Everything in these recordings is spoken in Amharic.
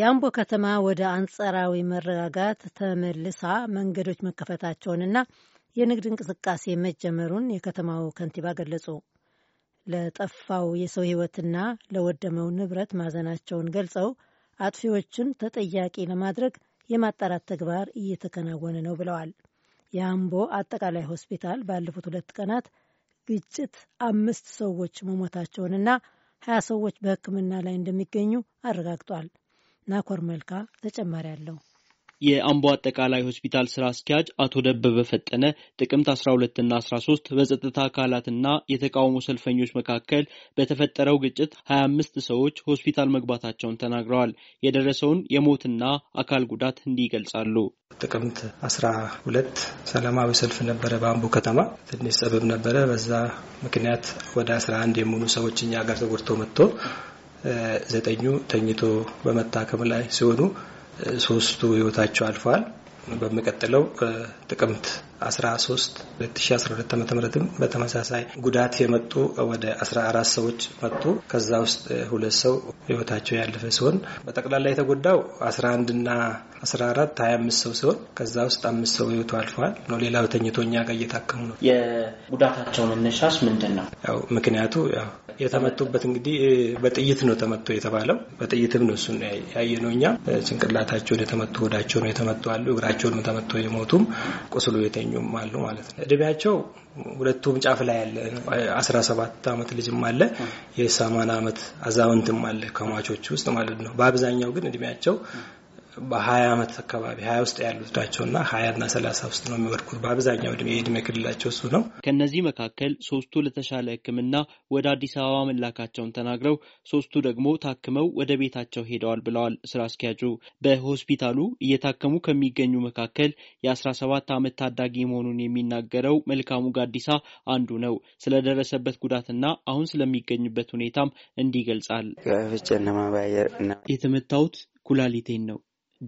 የአምቦ ከተማ ወደ አንጻራዊ መረጋጋት ተመልሳ መንገዶች መከፈታቸውንና የንግድ እንቅስቃሴ መጀመሩን የከተማው ከንቲባ ገለጹ። ለጠፋው የሰው ሕይወትና ለወደመው ንብረት ማዘናቸውን ገልጸው አጥፊዎችን ተጠያቂ ለማድረግ የማጣራት ተግባር እየተከናወነ ነው ብለዋል። የአምቦ አጠቃላይ ሆስፒታል ባለፉት ሁለት ቀናት ግጭት አምስት ሰዎች መሞታቸውንና ሀያ ሰዎች በሕክምና ላይ እንደሚገኙ አረጋግጧል። ናኮር መልካ ተጨማሪ አለው። የአምቦ አጠቃላይ ሆስፒታል ስራ አስኪያጅ አቶ ደበበ ፈጠነ ጥቅምት 12 እና 13 በጸጥታ አካላትና የተቃውሞ ሰልፈኞች መካከል በተፈጠረው ግጭት 25 ሰዎች ሆስፒታል መግባታቸውን ተናግረዋል። የደረሰውን የሞትና አካል ጉዳት እንዲህ ይገልጻሉ። ጥቅምት 12 ሰላማዊ ሰልፍ ነበረ በአምቦ ከተማ። ትንሽ ጸብም ነበረ። በዛ ምክንያት ወደ 11 የሚሆኑ ሰዎች እኛ ጋር ተጎድተው መጥቶ ዘጠኙ ተኝቶ በመታከም ላይ ሲሆኑ ሶስቱ ህይወታቸው አልፈዋል። በሚቀጥለው ጥቅምት 13 2012 ዓ ም በተመሳሳይ ጉዳት የመጡ ወደ 14 ሰዎች መጡ። ከዛ ውስጥ ሁለት ሰው ህይወታቸው ያለፈ ሲሆን በጠቅላላ የተጎዳው 11 ና 14 25 ሰው ሲሆን ከዛ ውስጥ አምስት ሰው ህይወቱ አልፈዋል ነው። ሌላው ተኝቶ እኛ ጋር እየታከሙ ነው። የጉዳታቸው መነሻስ ምንድን ነው? ያው ምክንያቱ ያው የተመቱበት እንግዲህ በጥይት ነው ተመቶ የተባለው በጥይትም ነው እሱን ያየ ነው እኛ ጭንቅላታቸውን የተመቱ ወዳቸው ነው የተመቱ አሉ እግራቸውን ተመቶ የሞቱም ቁስሉ የተኙ የተገኙም አሉ ማለት ነው። እድሜያቸው ሁለቱም ጫፍ ላይ ያለ 17 አመት ልጅም አለ የ80 ዓመት አዛውንትም አለ ከሟቾች ውስጥ ማለት ነው። በአብዛኛው ግን እድሜያቸው በሀያ አመት አካባቢ ሀያ ውስጥ ያሉት ናቸውና እና ሰላሳ ውስጥ ነው የሚወድቁት በአብዛኛው የእድሜ ክልላቸው እሱ ነው። ከእነዚህ መካከል ሶስቱ ለተሻለ ሕክምና ወደ አዲስ አበባ መላካቸውን ተናግረው ሶስቱ ደግሞ ታክመው ወደ ቤታቸው ሄደዋል ብለዋል ስራ አስኪያጁ። በሆስፒታሉ እየታከሙ ከሚገኙ መካከል የአስራ ሰባት አመት ታዳጊ መሆኑን የሚናገረው መልካሙ ጋዲሳ አንዱ ነው። ስለደረሰበት ጉዳትና አሁን ስለሚገኝበት ሁኔታም እንዲህ ይገልጻል። የተመታሁት ኩላሊቴን ነው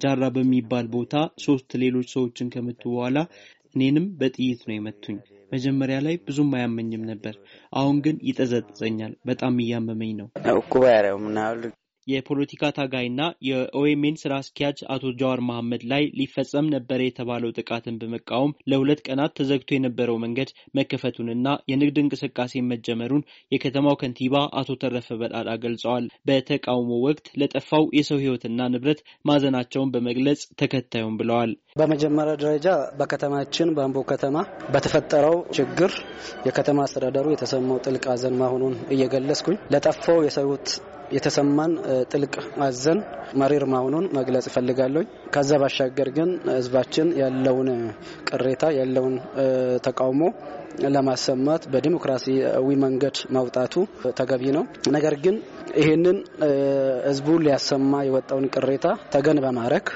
ጃራ በሚባል ቦታ ሶስት ሌሎች ሰዎችን ከመቱ በኋላ እኔንም በጥይት ነው የመቱኝ። መጀመሪያ ላይ ብዙም አያመኝም ነበር። አሁን ግን ይጠዘጥዘኛል። በጣም እያመመኝ ነው። የፖለቲካ ታጋይና የኦኤምኤን ስራ አስኪያጅ አቶ ጀዋር መሐመድ ላይ ሊፈጸም ነበረ የተባለው ጥቃትን በመቃወም ለሁለት ቀናት ተዘግቶ የነበረው መንገድ መከፈቱንና የንግድ እንቅስቃሴ መጀመሩን የከተማው ከንቲባ አቶ ተረፈ በጣዳ ገልጸዋል። በተቃውሞ ወቅት ለጠፋው የሰው ሕይወትና ንብረት ማዘናቸውን በመግለጽ ተከታዩም ብለዋል። በመጀመሪያ ደረጃ በከተማችን በአምቦ ከተማ በተፈጠረው ችግር የከተማ አስተዳደሩ የተሰማው ጥልቅ ሐዘን መሆኑን እየገለጽኩኝ ለጠፋው የሰው የተሰማን ጥልቅ አዘን መሪር መሆኑን መግለጽ እፈልጋለሁ። ከዛ ባሻገር ግን ህዝባችን ያለውን ቅሬታ ያለውን ተቃውሞ ለማሰማት በዲሞክራሲያዊ መንገድ ማውጣቱ ተገቢ ነው። ነገር ግን ይህንን ህዝቡ ሊያሰማ የወጣውን ቅሬታ ተገን በማድረግ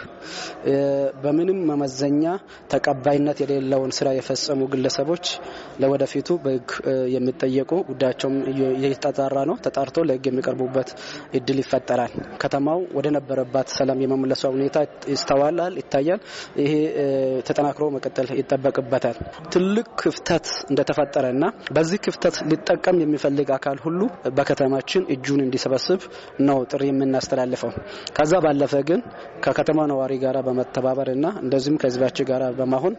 በምንም መመዘኛ ተቀባይነት የሌለውን ስራ የፈጸሙ ግለሰቦች ለወደፊቱ በህግ የሚጠየቁ ጉዳያቸውም እየተጣራ ነው፣ ተጣርቶ ለህግ የሚቀርቡበት እድል ይፈጠራል። ከተማው ወደ ነበረባት ሰላም የመመለሷ ሁኔታ ይስተዋላል፣ ይታያል። ይሄ ተጠናክሮ መቀጠል ይጠበቅበታል። ትልቅ ክፍተት እንደተፈጠረና በዚህ ክፍተት ሊጠቀም የሚፈልግ አካል ሁሉ በከተማችን እጁን እንዲ እንዲሰበስብ ነው ጥሪ የምናስተላልፈው። ከዛ ባለፈ ግን ከከተማ ነዋሪ ጋር በመተባበር እና እንደዚሁም ከህዝባችን ጋር በማሆን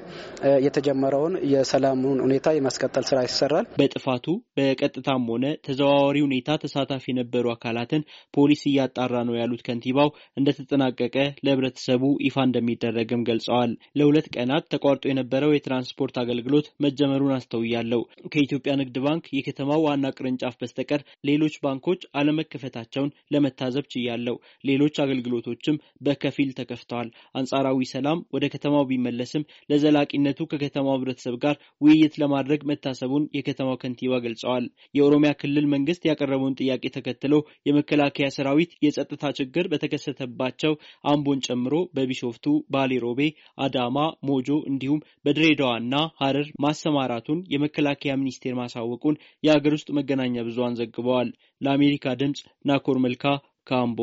የተጀመረውን የሰላሙን ሁኔታ የማስቀጠል ስራ ይሰራል። በጥፋቱ በቀጥታም ሆነ ተዘዋዋሪ ሁኔታ ተሳታፊ የነበሩ አካላትን ፖሊስ እያጣራ ነው ያሉት ከንቲባው እንደተጠናቀቀ ለህብረተሰቡ ይፋ እንደሚደረግም ገልጸዋል። ለሁለት ቀናት ተቋርጦ የነበረው የትራንስፖርት አገልግሎት መጀመሩን አስተውያለሁ። ከኢትዮጵያ ንግድ ባንክ የከተማው ዋና ቅርንጫፍ በስተቀር ሌሎች ባንኮች አለመ መከፈታቸውን ለመታዘብ ችያለው ሌሎች አገልግሎቶችም በከፊል ተከፍተዋል። አንጻራዊ ሰላም ወደ ከተማው ቢመለስም ለዘላቂነቱ ከከተማው ህብረተሰብ ጋር ውይይት ለማድረግ መታሰቡን የከተማው ከንቲባ ገልጸዋል። የኦሮሚያ ክልል መንግስት ያቀረበውን ጥያቄ ተከትሎ የመከላከያ ሰራዊት የጸጥታ ችግር በተከሰተባቸው አምቦን ጨምሮ በቢሾፍቱ፣ ባሌሮቤ፣ አዳማ፣ ሞጆ እንዲሁም በድሬዳዋና ሀረር ማሰማራቱን የመከላከያ ሚኒስቴር ማሳወቁን የሀገር ውስጥ መገናኛ ብዙሃን ዘግበዋል። ለአሜሪካ ድምፅ ድምፅ ናኮር መልካ ካምቦ